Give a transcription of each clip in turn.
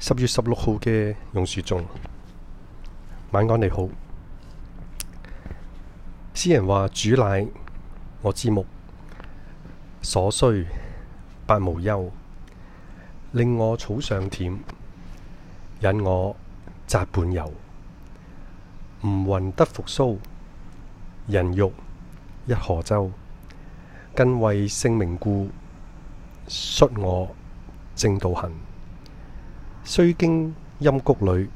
十月十六號嘅榕樹中，晚安你好。詩人話：主乃，我之牧，所需百無憂，令我草上甜，引我澤畔遊。吾魂得復蘇，仁育一何周。更為聖名故，率我正道行。雖經陰谷裏，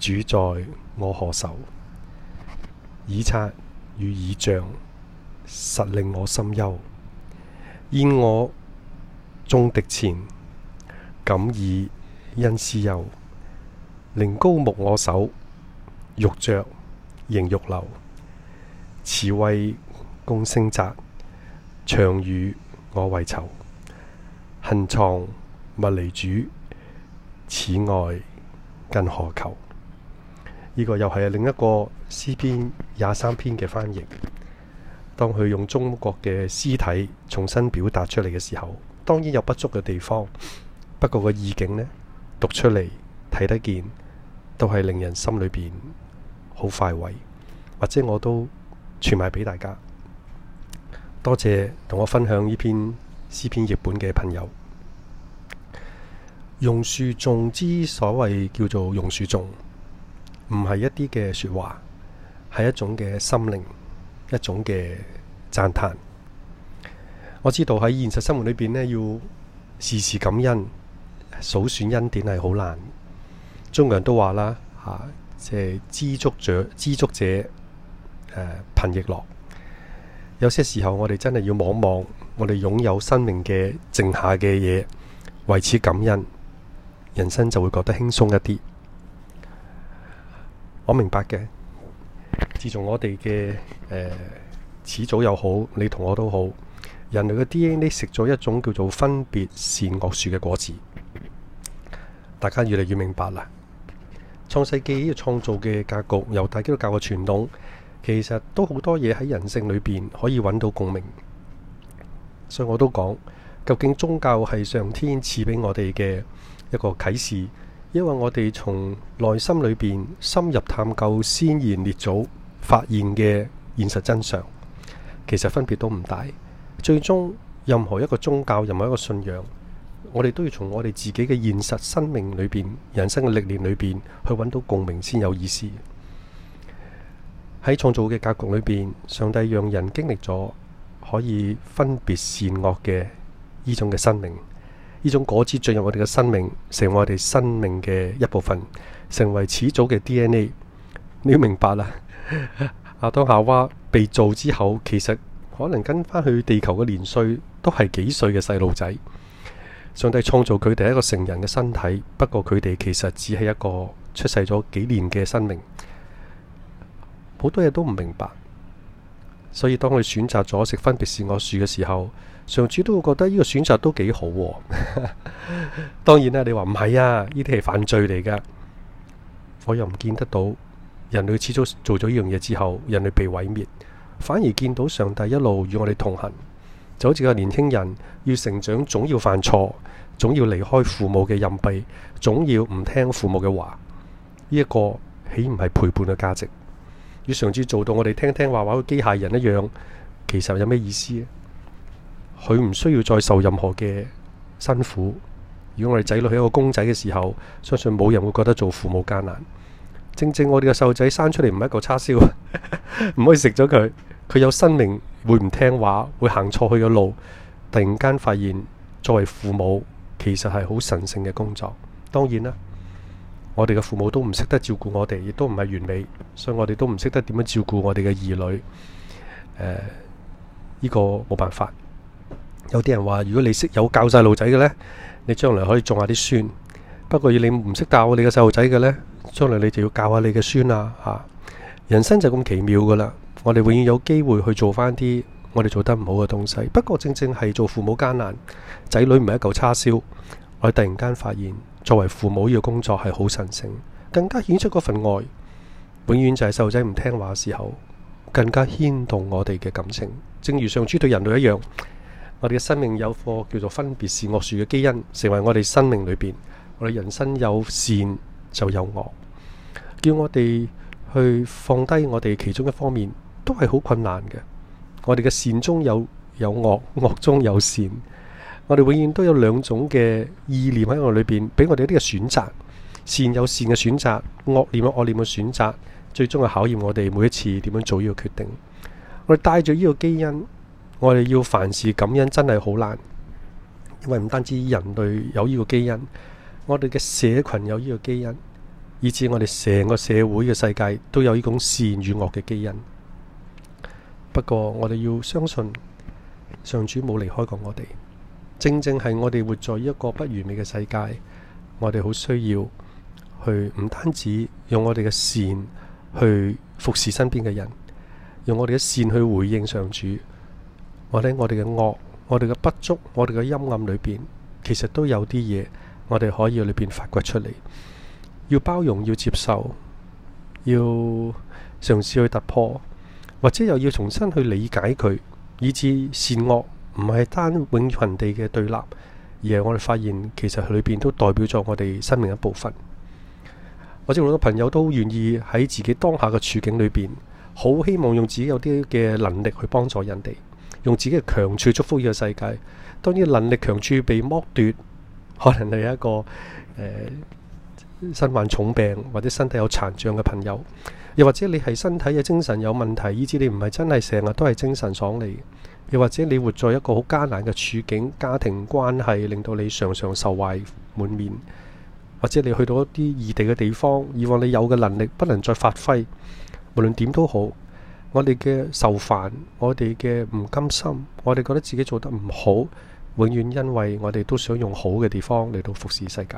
主在我何愁？耳察與耳障，實令我心憂。見我中敵前，敢以恩私憂。靈高目我手，欲著仍欲流。慈惠公聲窄，長與我為仇。恨藏物離主。此外，更何求？呢、這個又係另一個詩篇廿三篇嘅翻譯。當佢用中國嘅詩體重新表達出嚟嘅時候，當然有不足嘅地方。不過個意境呢，讀出嚟睇得見，都係令人心裏邊好快慰。或者我都傳埋俾大家。多謝同我分享呢篇詩篇譯本嘅朋友。榕樹種之所謂叫做榕樹種，唔係一啲嘅說話，係一種嘅心靈，一種嘅讚嘆。我知道喺現實生活裏邊呢，要時時感恩，數算恩典係好難。中國人都話啦，吓，即係知足者，知足者誒，貧亦樂。有些時候我哋真係要望望我哋擁有生命嘅剩下嘅嘢，為此感恩。人生就會覺得輕鬆一啲。我明白嘅。自從我哋嘅、呃、始祖又好，你同我都好，人類嘅 D N A 食咗一種叫做分別善惡樹嘅果子，大家越嚟越明白啦。創世記呢個創造嘅格局，由大基督教嘅傳統，其實都好多嘢喺人性裏邊可以揾到共鳴。所以我都講，究竟宗教係上天賜俾我哋嘅。一個啟示，因為我哋從內心裏邊深入探究先賢列祖發現嘅現實真相，其實分別都唔大。最終，任何一個宗教，任何一個信仰，我哋都要從我哋自己嘅現實生命裏邊、人生嘅歷練裏邊去揾到共鳴先有意思。喺創造嘅格局裏邊，上帝讓人經歷咗可以分別善惡嘅呢種嘅生命。呢種果子進入我哋嘅生命，成為我哋生命嘅一部分，成為始祖嘅 DNA。你要明白啦， 當阿當夏娃被造之後，其實可能跟返去地球嘅年歲都係幾歲嘅細路仔。上帝創造佢哋一個成人嘅身體，不過佢哋其實只係一個出世咗幾年嘅生命，好多嘢都唔明白。所以當佢選擇咗食分別善惡樹嘅時候，上主都會覺得呢個選擇都幾好喎、啊。 當然啦，你話唔係啊？呢啲係犯罪嚟㗎。我又唔見得到人類始終做咗呢樣嘢之後，人類被毀滅，反而見到上帝一路與我哋同行。就好似個年輕人要成長總要，總要犯錯，總要離開父母嘅任庇，總要唔聽父母嘅話。呢、這、一個豈唔係陪伴嘅價值？與上主做到我哋聽聽話話，好似機械人一樣，其實有咩意思？佢唔需要再受任何嘅辛苦。如果我哋仔女係一個公仔嘅時候，相信冇人會覺得做父母艱難。正正我哋嘅細路仔生出嚟唔係一個叉燒，唔 可以食咗佢。佢有生命，會唔聽話，會行錯去嘅路。突然間發現，作為父母其實係好神聖嘅工作。當然啦，我哋嘅父母都唔識得照顧我哋，亦都唔係完美，所以我哋都唔識得點樣照顧我哋嘅兒女。誒、呃，呢、呢個冇辦法。有啲人話：如果你識有教細路仔嘅呢，你將來可以種下啲孫。不過要你唔識教我哋嘅細路仔嘅呢，將來你就要教下你嘅孫啦。吓、啊，人生就咁奇妙噶啦。我哋永遠有機會去做翻啲我哋做得唔好嘅東西。不過正正係做父母艱難，仔女唔係一嚿叉燒。我突然間發現，作為父母要工作係好神聖，更加顯出嗰份愛。永遠就係細路仔唔聽話嘅時候，更加牽動我哋嘅感情。正如上主對人類一樣。我哋嘅生命有個叫做分別善惡樹嘅基因，成為我哋生命裏邊，我哋人生有善就有惡，叫我哋去放低我哋其中一方面，都係好困難嘅。我哋嘅善中有有惡，惡中有善，我哋永遠都有兩種嘅意念喺我裏邊，俾我哋一啲嘅選擇：善有善嘅選擇，惡念有惡念嘅選擇。最終係考驗，我哋每一次點樣做呢個決定？我哋帶著呢個基因。我哋要凡事感恩，真係好難。因為唔單止人類有呢個基因，我哋嘅社群有呢個基因，以至我哋成個社會嘅世界都有呢種善與惡嘅基因。不過我哋要相信上主冇離開過我哋。正正係我哋活在一個不完美嘅世界，我哋好需要去唔單止用我哋嘅善去服侍身邊嘅人，用我哋嘅善去回應上主。我咧，我哋嘅惡，我哋嘅不足，我哋嘅陰暗裏邊，其實都有啲嘢我哋可以喺裏邊發掘出嚟。要包容，要接受，要嘗試去突破，或者又要重新去理解佢，以至善惡唔係單永羣地嘅對立，而係我哋發現其實裏邊都代表咗我哋生命一部分。或者好多朋友都願意喺自己當下嘅處境裏邊，好希望用自己有啲嘅能力去幫助人哋。用自己嘅強處祝福呢個世界。當你嘅能力強處被剝奪，可能你係一個、呃、身患重病或者身體有殘障嘅朋友，又或者你係身體嘅精神有問題，以致你唔係真係成日都係精神爽利。又或者你活在一個好艱難嘅處境，家庭關係令到你常常愁懷滿面，或者你去到一啲異地嘅地方，以往你有嘅能力不能再發揮，無論點都好。我哋嘅愁煩，我哋嘅唔甘心，我哋覺得自己做得唔好，永遠因為我哋都想用好嘅地方嚟到服侍世界。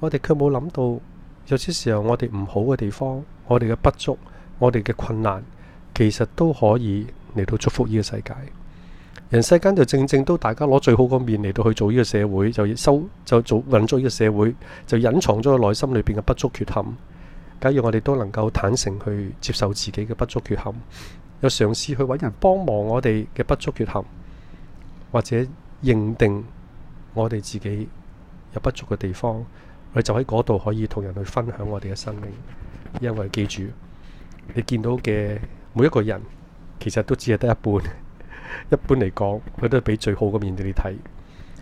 我哋卻冇諗到，有些時候我哋唔好嘅地方，我哋嘅不足，我哋嘅困難，其實都可以嚟到祝福呢個世界。人世間就正正都大家攞最好個面嚟到去做呢個社會，就收就做運作呢個社會，就隱藏咗個內心裏邊嘅不足缺陷。假如我哋都能夠坦誠去接受自己嘅不足缺陷，又嘗試去搵人幫忙我哋嘅不足缺陷，或者認定我哋自己有不足嘅地方，我哋就喺嗰度可以同人去分享我哋嘅生命。因為記住，你見到嘅每一個人其實都只係得一半。 一般嚟講，佢都係俾最好嘅面對你睇，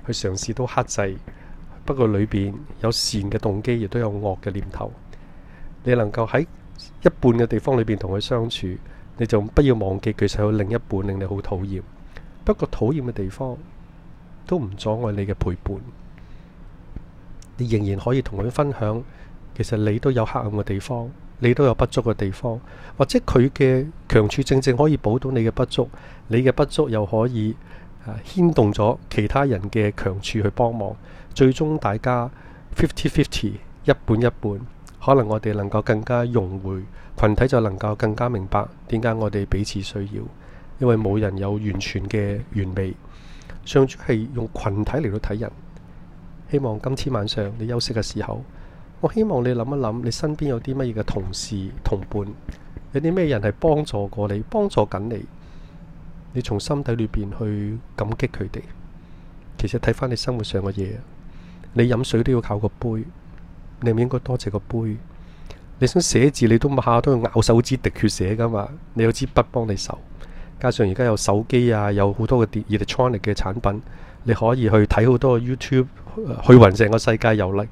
去嘗試都克制。不過裏邊有善嘅動機，亦都有惡嘅念頭。你能夠喺一半嘅地方裏邊同佢相處，你就不要忘記其實有另一半令你好討厭。不過討厭嘅地方都唔阻礙你嘅陪伴，你仍然可以同佢分享。其實你都有黑暗嘅地方，你都有不足嘅地方，或者佢嘅強處正正可以補到你嘅不足，你嘅不足又可以牽動咗其他人嘅強處去幫忙，最終大家 fifty-fifty 一半一半。可能我哋能夠更加融匯群體，就能夠更加明白點解我哋彼此需要，因為冇人有完全嘅完美。上主係用群體嚟到睇人，希望今次晚上你休息嘅時候，我希望你諗一諗，你身邊有啲乜嘢嘅同事同伴，有啲咩人係幫助過你、幫助緊你，你從心底裏邊去感激佢哋。其實睇翻你生活上嘅嘢，你飲水都要靠個杯。你係咪應該多謝個杯？你想寫字，你都下下都要咬手指滴血寫噶嘛？你有支筆幫你手，加上而家有手機啊，有好多嘅電 electronic 嘅產品，你可以去睇好多 YouTube，去雲成個世界遊歷。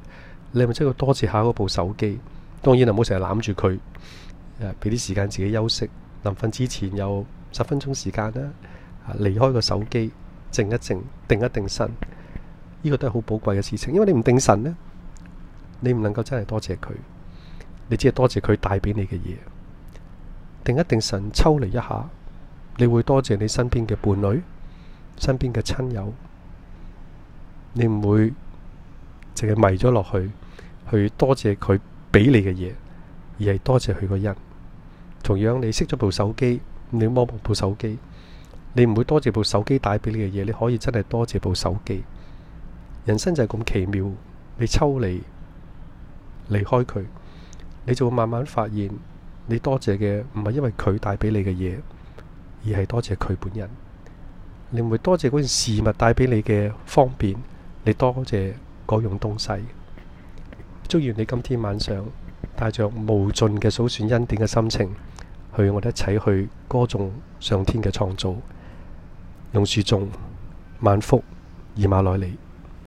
你係咪即係要多謝下嗰部手機？當然，唔好成日攬住佢，誒，俾啲時間自己休息。臨瞓之前有十分鐘時間啦，啊，離開個手機，靜一靜，定一定神。呢、呢個都係好寶貴嘅事情，因為你唔定神呢。你唔能夠真係多謝佢，你只係多謝佢帶畀你嘅嘢。定一定神，抽離一下，你會多謝你身邊嘅伴侶、身邊嘅親友。你唔會淨係迷咗落去去多謝佢俾你嘅嘢，而係多謝佢個人。同樣，你熄咗部手機，你摸部手機，你唔會多謝部手機帶俾你嘅嘢，你可以真係多謝部手機。人生就係咁奇妙，你抽離，離開佢，你就會慢慢發現，你多謝嘅唔係因為佢帶畀你嘅嘢，而係多謝佢本人。你會多謝嗰件事物帶畀你嘅方便，你多謝嗰樣東西。祝願你今天晚上帶着無盡嘅數算恩典嘅心情，去我哋一齊去歌頌上天嘅創造。用樹頌，萬福以馬內利。